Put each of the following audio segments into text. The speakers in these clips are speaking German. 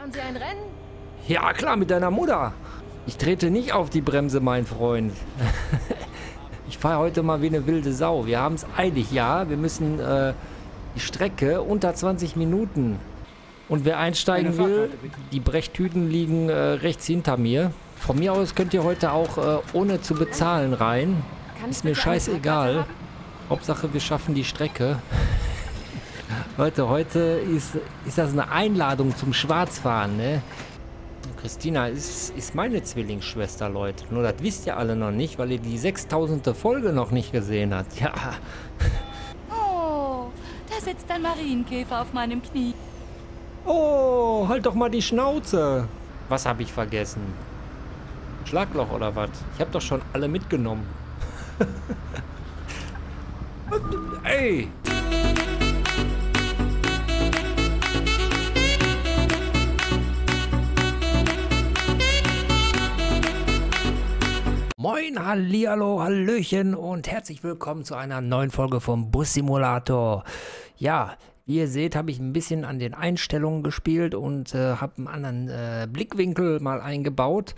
Fahren Sie ein Rennen? Ja, klar, mit deiner Mutter. Ich trete nicht auf die Bremse, mein Freund. ich fahre heute mal wie eine wilde Sau. Wir haben es eilig, ja. Wir müssen äh, die Strecke unter 20 Minuten. Und wer einsteigen will, die Brechtüten liegen äh, rechts hinter mir. Von mir aus könnt ihr heute auch äh, ohne zu bezahlen rein. Ist mir scheißegal. Hauptsache, wir schaffen die Strecke. Leute, heute ist, ist das eine Einladung zum Schwarzfahren, ne? Christina ist, ist meine Zwillingsschwester, Leute. Nur das wisst ihr alle noch nicht, weil ihr die 6000. Folge noch nicht gesehen habt. Ja. Oh, da sitzt ein Marienkäfer auf meinem Knie. Oh, halt doch mal die Schnauze. Was habe ich vergessen? Schlagloch oder was? Ich habe doch schon alle mitgenommen. Ey! Moin, Hallihallo, Hallöchen und herzlich willkommen zu einer neuen Folge vom Bus Simulator. Ja, wie ihr seht, habe ich ein bisschen an den Einstellungen gespielt und äh, habe einen anderen äh, Blickwinkel mal eingebaut.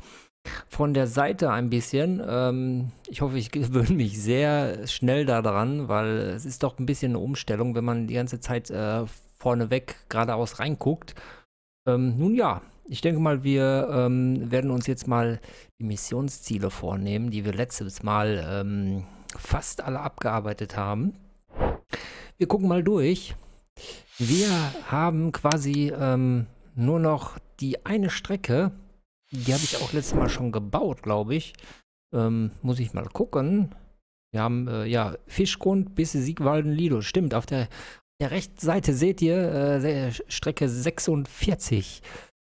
Von der Seite ein bisschen. Ähm, ich hoffe, ich gewöhne mich sehr schnell daran, weil es ist doch ein bisschen eine Umstellung, wenn man die ganze Zeit äh, vorneweg geradeaus reinguckt. Ähm, nun ja, ich denke mal, wir ähm, werden uns jetzt mal die Missionsziele vornehmen, die wir letztes Mal ähm, fast alle abgearbeitet haben. Wir gucken mal durch. Wir haben quasi ähm, nur noch die eine Strecke. Die habe ich auch letztes Mal schon gebaut, glaube ich. Ähm, muss ich mal gucken. Wir haben, äh, ja, Fischgrund bis Siegwalden-Lido. Stimmt, auf der, der rechten Seite seht ihr äh, Strecke 46.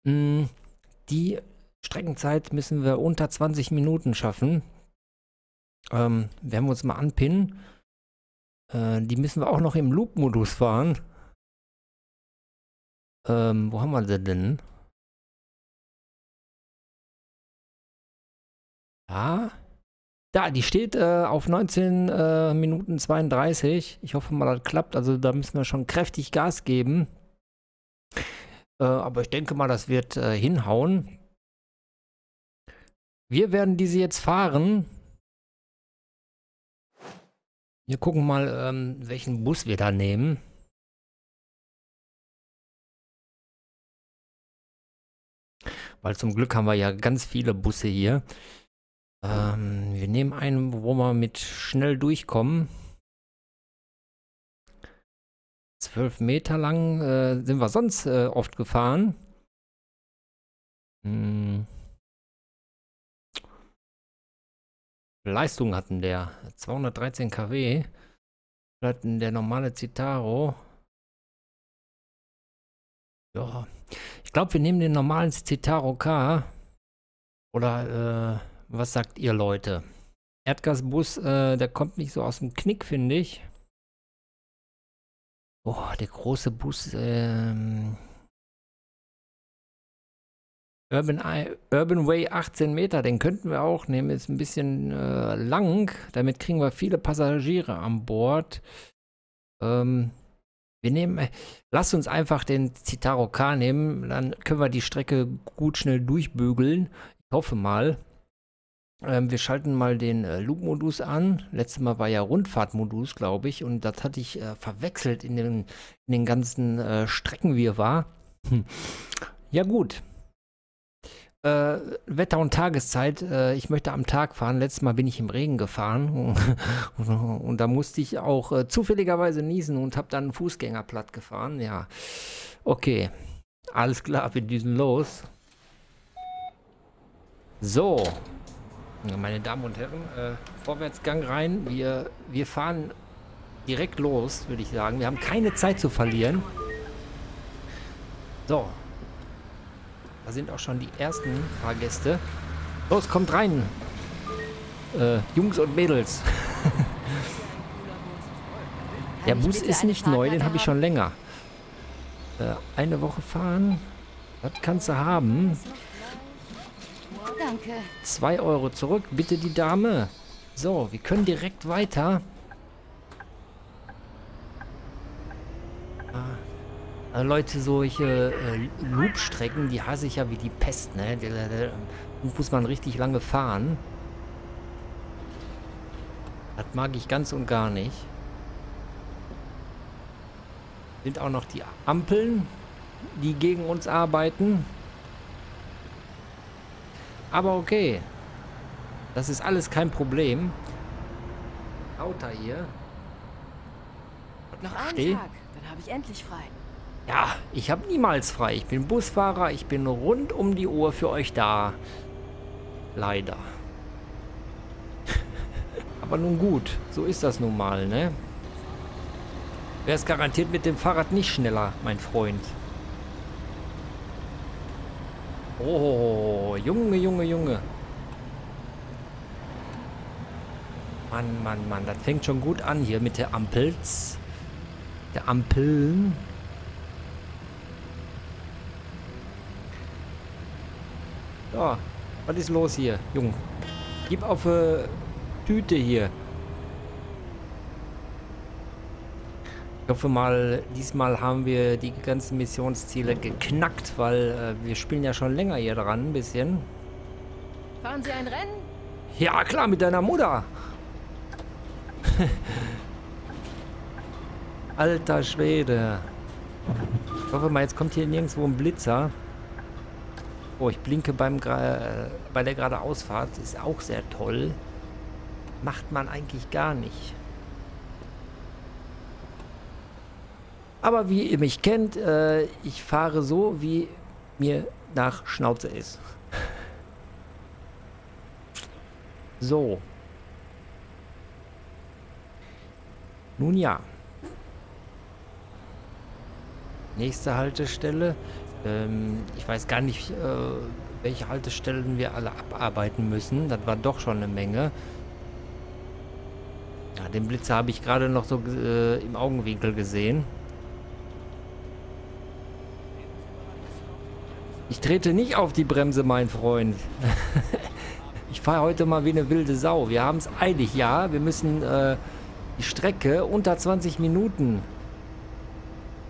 Mm, die Streckenzeit müssen wir unter 20 Minuten schaffen. Ähm, werden wir uns mal anpinnen. Äh, die müssen wir auch noch im Loop-Modus fahren. Ähm, wo haben wir sie denn? Ja. Da, die steht äh, auf 19 äh, Minuten 32. Ich hoffe mal, das klappt. Also da müssen wir schon kräftig Gas geben. Äh, aber ich denke mal, das wird äh, hinhauen. Wir werden diese jetzt fahren. Wir gucken mal, ähm, welchen Bus wir da nehmen. Weil zum Glück haben wir ja ganz viele Busse hier. Ähm, wir nehmen einen, wo wir mit schnell durchkommen zwölf Meter lang äh, sind wir sonst äh, oft gefahren. Hm. Leistung hatten der 213 kW. Hatten der normale Citaro. Ja, ich glaube, wir nehmen den normalen Citaro K. Oder äh, was sagt ihr Leute? Erdgasbus, äh, der kommt nicht so aus dem Knick, finde ich. Oh, der große Bus. Ähm, Urban, Urban Way 18 Meter, den könnten wir auch nehmen. Ist ein bisschen äh, lang. Damit kriegen wir viele Passagiere an Bord. Ähm, wir nehmen, äh, lass uns einfach den Citaro K nehmen. Dann können wir die Strecke gut schnell durchbügeln. Ich hoffe mal. Ähm, wir schalten mal den äh, Loop-Modus an. Letztes Mal war ja Rundfahrt-Modus, glaube ich. Und das hatte ich äh, verwechselt in den, in den ganzen äh, Strecken, wie er war. Hm. Ja, gut. Äh, Wetter und Tageszeit. Äh, ich möchte am Tag fahren. Letztes Mal bin ich im Regen gefahren und, und, da musste ich auch äh, zufälligerweise niesen und habe dann einen Fußgänger platt gefahren. Ja, okay. Alles klar, wir düsen los. So, meine Damen und Herren, äh, Vorwärtsgang rein. Wir, wir fahren direkt los, würde ich sagen. Wir haben keine Zeit zu verlieren. So. Da sind auch schon die ersten Fahrgäste. Los, kommt rein. Äh, Jungs und Mädels. Der Bus ist nicht neu, den habe ich schon länger. Äh, eine Woche fahren, das kannst du haben. Danke. Zwei Euro zurück, bitte die Dame. So, wir können direkt weiter. Ah. Äh, Leute, solche äh, Loop-Strecken, die hasse ich ja wie die Pest, ne? Da äh, äh, muss man richtig lange fahren. Das mag ich ganz und gar nicht. Sind auch noch die Ampeln, die gegen uns arbeiten. Aber okay. Das ist alles kein Problem. Auta hier. Noch einen Tag, dann habe ich endlich frei. Ja, ich habe niemals frei. Ich bin Busfahrer, ich bin rund um die Uhr für euch da. Leider. Aber nun gut, so ist das nun mal, ne? Wär's garantiert mit dem Fahrrad nicht schneller, mein Freund. Oh, Junge, Junge, Junge. Mann, Mann, Mann. Das fängt schon gut an hier mit der Ampels. Der Ampeln. Ja, was ist los hier, Jung? Gib auf äh, Tüte hier. Ich hoffe mal, diesmal haben wir die ganzen Missionsziele geknackt, weil äh, wir spielen ja schon länger hier dran ein bisschen. Fahren Sie ein Rennen? Ja, klar, mit deiner Mutter. Alter Schwede. Ich hoffe mal, jetzt kommt hier nirgendwo ein Blitzer. Oh, ich blinke beim äh, bei der gerade Ausfahrt. Ist auch sehr toll. Macht man eigentlich gar nicht. Aber wie ihr mich kennt, äh, ich fahre so, wie mir nach Schnauze ist. So. Nun ja. Nächste Haltestelle. Ähm, ich weiß gar nicht, äh, welche Haltestellen wir alle abarbeiten müssen. Das war doch schon eine Menge. Ja, den Blitzer habe ich gerade noch so äh, im Augenwinkel gesehen. Ich trete nicht auf die Bremse, mein Freund. ich fahre heute mal wie eine wilde Sau. Wir haben es eilig, ja. Wir müssen äh, die Strecke unter 20 Minuten.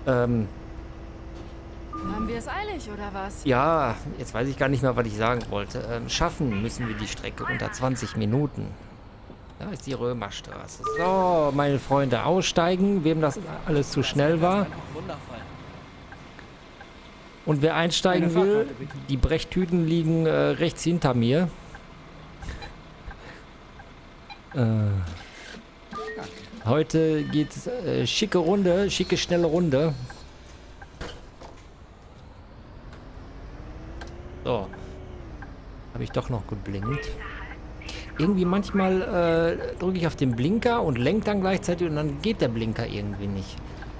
Ähm, haben wir es eilig, oder was? Ja, jetzt weiß ich gar nicht mehr, was ich sagen wollte. Ähm, schaffen müssen wir die Strecke unter 20 Minuten. Da ist die Römerstraße. So, meine Freunde, aussteigen, wem das alles zu schnell war. Wundervoll. Und wer einsteigen will, die Brechtüten liegen äh, rechts hinter mir. Äh, heute es äh, schicke Runde, schicke schnelle Runde. So. Habe ich doch noch geblinkt. Irgendwie manchmal äh, drücke ich auf den Blinker und lenke dann gleichzeitig und dann geht der Blinker irgendwie nicht.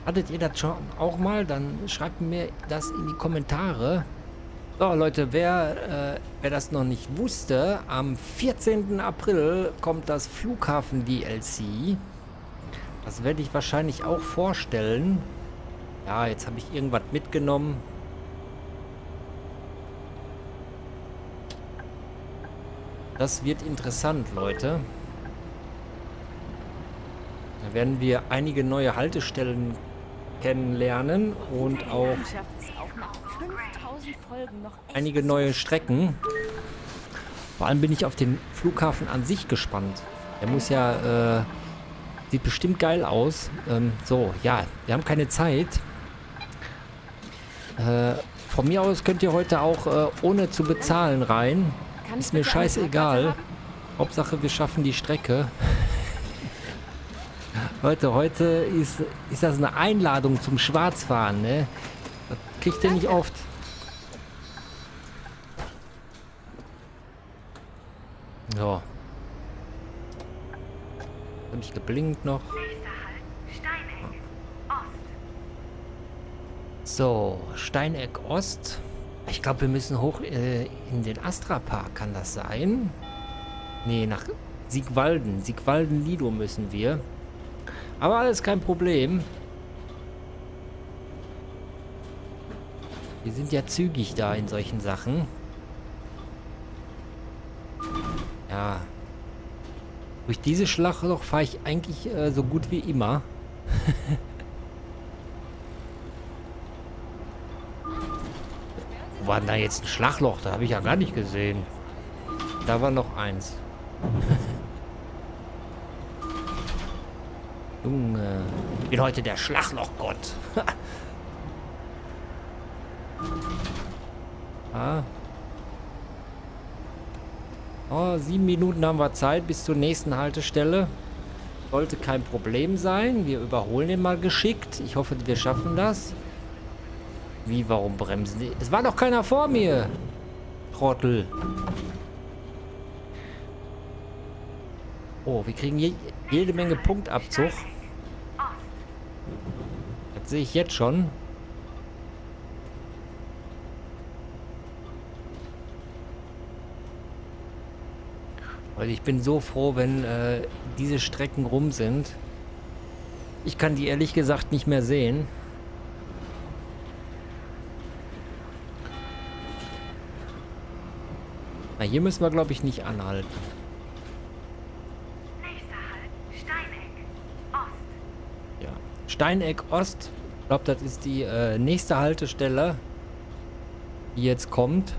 Hattet ihr das schon auch mal? Dann schreibt mir das in die Kommentare. So Leute, wer, äh, wer das noch nicht wusste, am 14. April kommt das Flughafen-DLC. Das werde ich wahrscheinlich auch vorstellen. Ja, jetzt habe ich irgendwas mitgenommen. Das wird interessant, Leute. Da werden wir einige neue Haltestellen kennenlernen und auch einige neue Strecken. Vor allem bin ich auf den Flughafen an sich gespannt. Der muss ja, äh, sieht bestimmt geil aus. Ähm, so, ja, wir haben keine Zeit. Äh, von mir aus könnt ihr heute auch äh, ohne zu bezahlen rein. Ist mir scheißegal. Hauptsache, wir schaffen die Strecke. Leute, heute ist, ist das eine Einladung zum Schwarzfahren, ne? Das kriegt ihr nicht oft. So. Hab ich geblinkt noch. So, Steineck Ost. Ich glaube, wir müssen hoch äh, in den Astra Park, kann das sein? Nee, nach Siegwalden. Siegwalden-Lido müssen wir. Aber alles kein Problem. Wir sind ja zügig da in solchen Sachen. Ja. Durch diese Schlachtloch fahre ich eigentlich äh, so gut wie immer. Wo war denn da jetzt ein Schlagloch? Da habe ich ja gar nicht gesehen. Da war noch eins. Junge, ich bin heute der Schlachlochgott. ah. Oh, sieben Minuten haben wir Zeit bis zur nächsten Haltestelle. Sollte kein Problem sein. Wir überholen den mal geschickt. Ich hoffe, wir schaffen das. Wie, warum bremsen die? Es war doch keiner vor mir. Trottel. Oh, wir kriegen je jede Menge Punktabzug sehe ich jetzt schon. Weil ich bin so froh, wenn äh, diese Strecken rum sind. Ich kann die ehrlich gesagt nicht mehr sehen. Na, hier müssen wir, glaube ich, nicht anhalten. Nächster Halt, Steineck Ost. Ja, Steineck Ost. Ich glaube, das ist die äh, nächste Haltestelle, die jetzt kommt.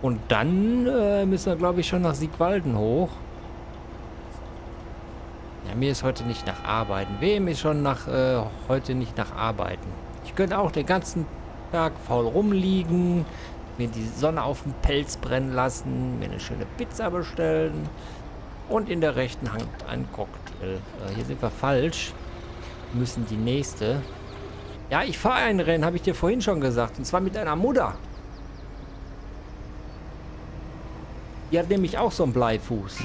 Und dann äh, müssen wir, glaube ich, schon nach Siegwalden hoch. Ja, mir ist heute nicht nach Arbeiten. Wem ist schon nach äh, heute nicht nach Arbeiten? Ich könnte auch den ganzen Tag faul rumliegen, mir die Sonne auf dem Pelz brennen lassen, mir eine schöne Pizza bestellen und in der rechten Hand einen Cocktail. Äh, hier sind wir falsch müssen die nächste. Ja, ich fahre ein Rennen, habe ich dir vorhin schon gesagt. Und zwar mit einer Mutter. Die hat nämlich auch so einen Bleifuß.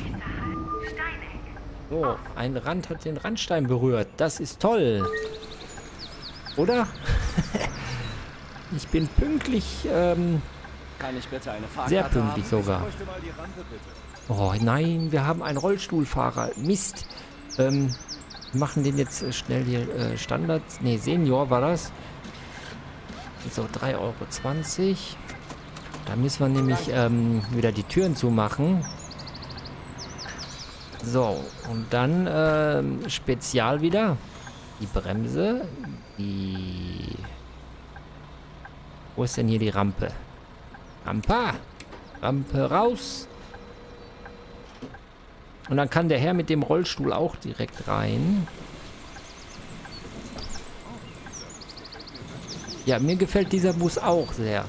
So, ein Rand hat den Randstein berührt. Das ist toll. Oder? ich bin pünktlich, ähm, Sehr pünktlich sogar. Oh nein, wir haben einen Rollstuhlfahrer. Mist. Ähm, machen den jetzt äh, schnell hier äh, Standards. Ne, Senior war das. So, 3,20 Euro. Da müssen wir nämlich ähm, wieder die Türen zumachen. So, und dann ähm, Spezial wieder. Die Bremse. Die... Wo ist denn hier die Rampe? Rampa! Rampe raus! Und dann kann der Herr mit dem Rollstuhl auch direkt rein. Ja, mir gefällt dieser Bus auch sehr.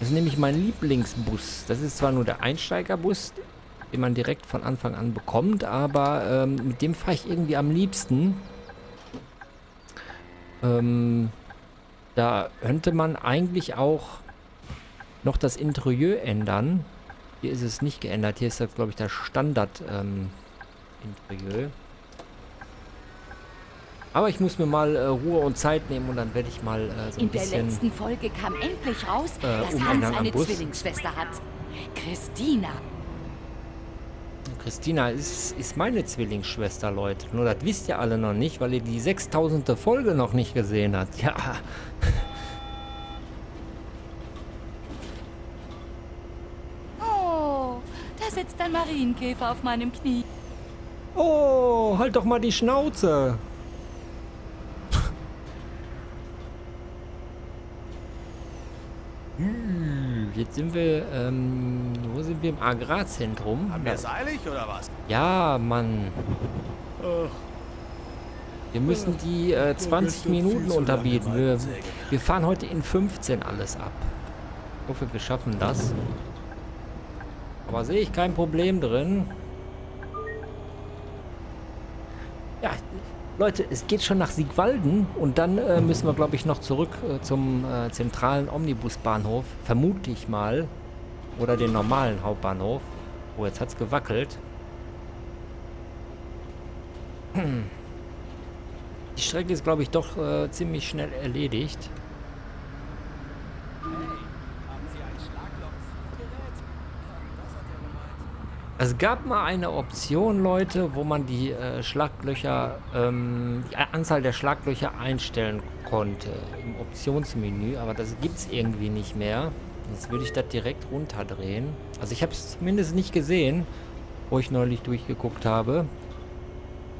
Das ist nämlich mein Lieblingsbus. Das ist zwar nur der Einsteigerbus, den man direkt von Anfang an bekommt, aber ähm, mit dem fahre ich irgendwie am liebsten. Ähm, da könnte man eigentlich auch noch das Interieur ändern. Hier ist es nicht geändert. Hier ist das, glaube ich, das Standard-Interieur. Ähm, aber ich muss mir mal äh, Ruhe und Zeit nehmen und dann werde ich mal äh, so ein In bisschen... In der letzten Folge kam endlich raus, äh, dass Hans eine Zwillingsschwester hat. Christina. Christina ist, ist meine Zwillingsschwester, Leute. Nur das wisst ihr alle noch nicht, weil ihr die 6000. Folge noch nicht gesehen habt. Ja. Marienkäfer auf meinem Knie. Oh, halt doch mal die Schnauze. Hm, jetzt sind wir, ähm, wo sind wir? Im Agrarzentrum. Haben wir es eilig oder was? Ja, Mann. Wir müssen die äh, 20 äh, Minuten unterbieten. Wir, wir fahren heute in 15 alles ab. Ich hoffe, wir schaffen das. Aber sehe ich kein Problem drin. Ja, Leute, es geht schon nach Siegwalden und dann äh, müssen wir, glaube ich, noch zurück äh, zum äh, zentralen Omnibusbahnhof, vermute ich mal, oder den normalen Hauptbahnhof. Oh, jetzt hat es gewackelt. Hm. Die Strecke ist, glaube ich, doch äh, ziemlich schnell erledigt. Es gab mal eine Option, Leute, wo man die äh, Schlaglöcher, ähm, die Anzahl der Schlaglöcher einstellen konnte im Optionsmenü, aber das gibt es irgendwie nicht mehr. Jetzt würde ich das direkt runterdrehen. Also ich habe es zumindest nicht gesehen, wo ich neulich durchgeguckt habe.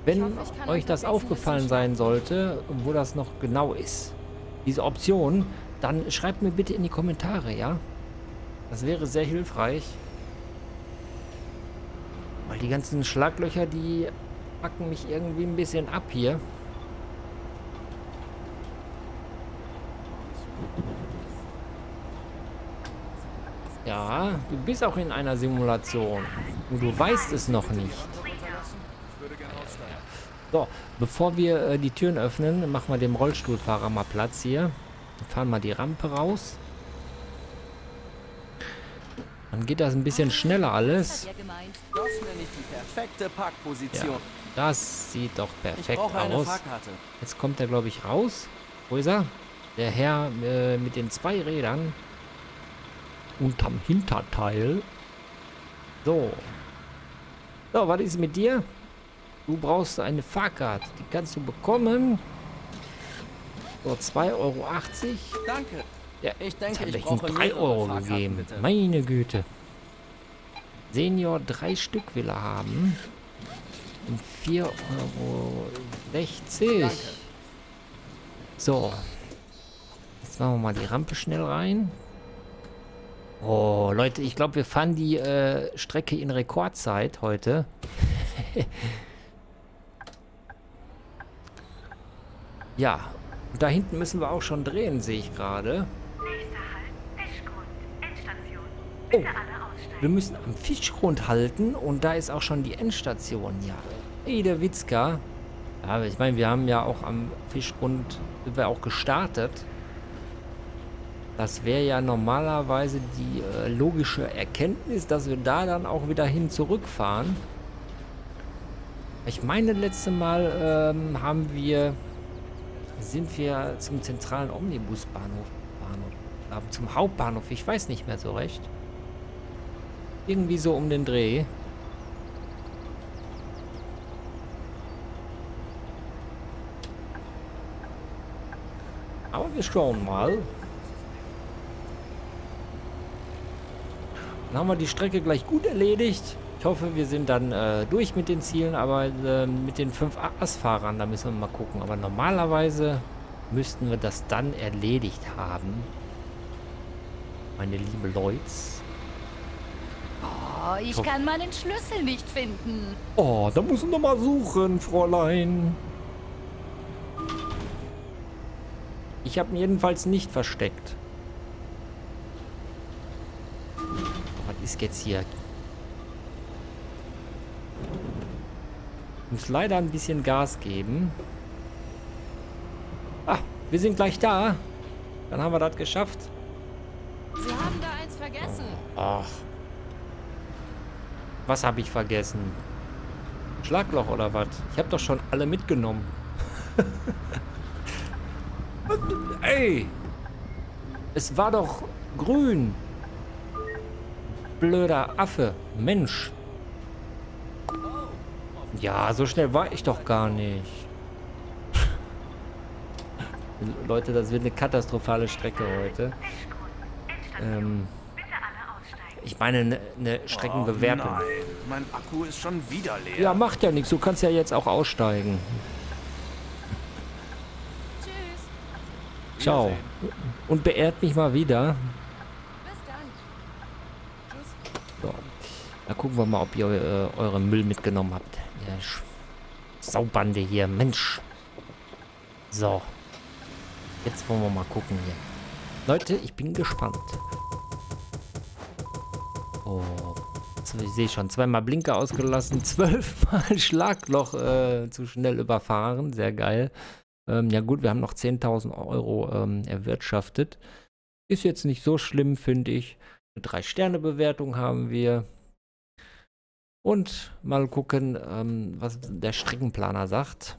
Wenn ich hoffe, ich euch das aufgefallen sein sollte, wo das noch genau ist, diese Option, dann schreibt mir bitte in die Kommentare, ja? Das wäre sehr hilfreich. Weil die ganzen Schlaglöcher, die packen mich irgendwie ein bisschen ab hier. Ja, du bist auch in einer Simulation. Und du weißt es noch nicht. So, bevor wir äh, die Türen öffnen, machen wir dem Rollstuhlfahrer mal Platz hier. Wir fahren mal die Rampe raus. Dann geht das ein bisschen schneller alles ich die perfekte Parkposition. Ja, das sieht doch perfekt aus. Jetzt kommt er, glaube ich, raus. Wo ist er? Der Herr äh, mit den zwei Rädern. Unterm Hinterteil. So. So, was ist mit dir? Du brauchst eine Fahrkarte. Die kannst du bekommen. So, 2,80 Euro. Danke. Ja, ich denke, ich brauche 3 Euro gegeben. Meine Güte. Senior drei Stück will er haben. Um 4,60 Euro. So. Jetzt machen wir mal die Rampe schnell rein. Oh, Leute, ich glaube, wir fahren die äh, Strecke in Rekordzeit heute. ja, da hinten müssen wir auch schon drehen, sehe ich gerade. Nächster Halt, Endstation. Oh. Bitte Oh. Wir müssen am Fischgrund halten und da ist auch schon die Endstation, ja. Ey, der Witzka. Ja, ich meine, wir haben ja auch am Fischgrund, sind wir auch gestartet. Das wäre ja normalerweise die äh, logische Erkenntnis, dass wir da dann auch wieder hin zurückfahren. Ich meine, letzte Mal ähm, haben wir, sind wir zum zentralen Omnibusbahnhof, Bahnhof, zum Hauptbahnhof, ich weiß nicht mehr so recht. Irgendwie so um den Dreh. Aber wir schauen mal. Dann haben wir die Strecke gleich gut erledigt. Ich hoffe, wir sind dann äh, durch mit den Zielen, aber äh, mit den 5 Ass-Fahrern, da müssen wir mal gucken. Aber normalerweise müssten wir das dann erledigt haben. Meine liebe Leute. Oh, ich kann meinen Schlüssel nicht finden. Oh, da müssen wir mal suchen, Fräulein. Ich habe ihn jedenfalls nicht versteckt. Oh, was ist jetzt hier? Muss leider ein bisschen Gas geben. Ah, wir sind gleich da. Dann haben wir das geschafft. Sie haben da eins vergessen. Ach, was habe ich vergessen? Schlagloch oder was? Ich habe doch schon alle mitgenommen. Ey! Es war doch grün. Blöder Affe. Mensch. Ja, so schnell war ich doch gar nicht. Leute, das wird eine katastrophale Strecke heute. Ähm... Ich meine, eine ne, ne Streckenbewerbung. Oh nein, mein Akku ist schon wieder leer. Ja, macht ja nichts. Du kannst ja jetzt auch aussteigen. Tschüss. Ciao. Und beehrt mich mal wieder. Bis dann. Tschüss. So. Da gucken wir mal, ob ihr äh, euren Müll mitgenommen habt. Ja, Saubande hier. Mensch. So. Jetzt wollen wir mal gucken hier. Leute, ich bin gespannt. Oh, ich sehe schon, zweimal Blinker ausgelassen, zwölfmal Schlagloch äh, zu schnell überfahren, sehr geil. Ähm, ja gut, wir haben noch 10.000 Euro ähm, erwirtschaftet. Ist jetzt nicht so schlimm, finde ich. Eine 3-Sterne-Bewertung haben wir. Und mal gucken, ähm, was der Streckenplaner sagt.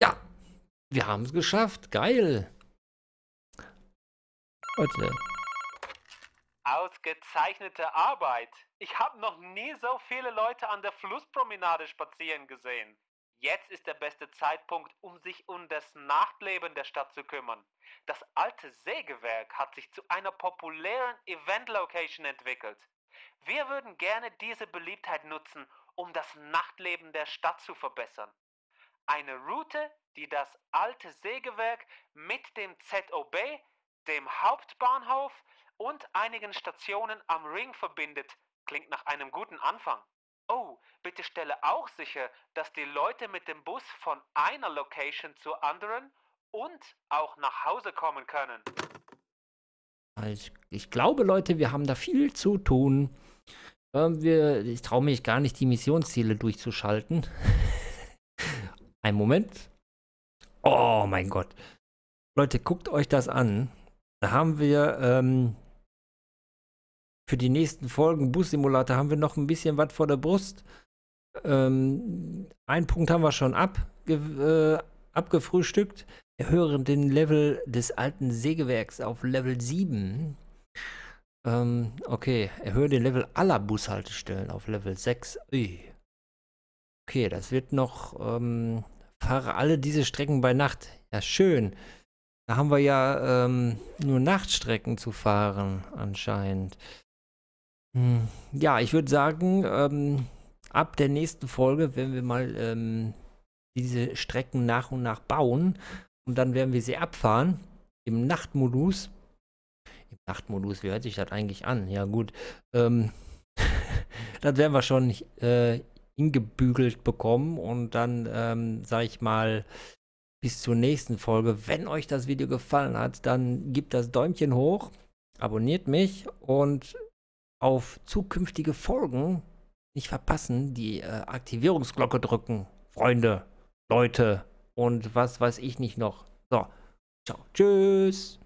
Ja, wir haben es geschafft. Geil. Leute. Ausgezeichnete Arbeit! Ich habe noch nie so viele Leute an der Flusspromenade spazieren gesehen. Jetzt ist der beste Zeitpunkt, um sich um das Nachtleben der Stadt zu kümmern. Das alte Sägewerk hat sich zu einer populären Event-Location entwickelt. Wir würden gerne diese Beliebtheit nutzen, um das Nachtleben der Stadt zu verbessern. Eine Route, die das alte Sägewerk mit dem ZOB dem Hauptbahnhof und einigen Stationen am Ring verbindet, klingt nach einem guten Anfang. Oh, bitte stelle auch sicher, dass die Leute mit dem Bus von einer Location zur anderen und auch nach Hause kommen können. Ich, ich glaube, Leute, wir haben da viel zu tun. Ähm, wir, ich traue mich gar nicht, die Missionsziele durchzuschalten. Ein Moment. Oh mein Gott. Leute, guckt euch das an. Da haben wir ähm, für die nächsten Folgen Bus-Simulator haben wir noch ein bisschen was vor der Brust. Ähm, einen Punkt haben wir schon abge äh, abgefrühstückt. Erhöhe den Level des alten Sägewerks auf Level 7. Ähm, okay, erhöhe den Level aller Bushaltestellen auf Level 6. Ui. Okay, das wird noch. Ähm, fahre alle diese Strecken bei Nacht. Ja, schön. Da haben wir ja ähm, nur Nachtstrecken zu fahren, anscheinend. Hm. Ja, ich würde sagen, ähm, ab der nächsten Folge werden wir mal ähm, diese Strecken nach und nach bauen. Und dann werden wir sie abfahren im Nachtmodus. Im Nachtmodus, wie hört sich das eigentlich an? Ja, gut. Ähm, das werden wir schon äh, hingebügelt bekommen. Und dann, ähm, sag ich mal, bis zur nächsten Folge. Wenn euch das Video gefallen hat, dann gebt das Däumchen hoch, abonniert mich und auf zukünftige Folgen nicht verpassen, die äh, Aktivierungsglocke drücken. Freunde, Leute und was weiß ich nicht noch. So, ciao, tschüss.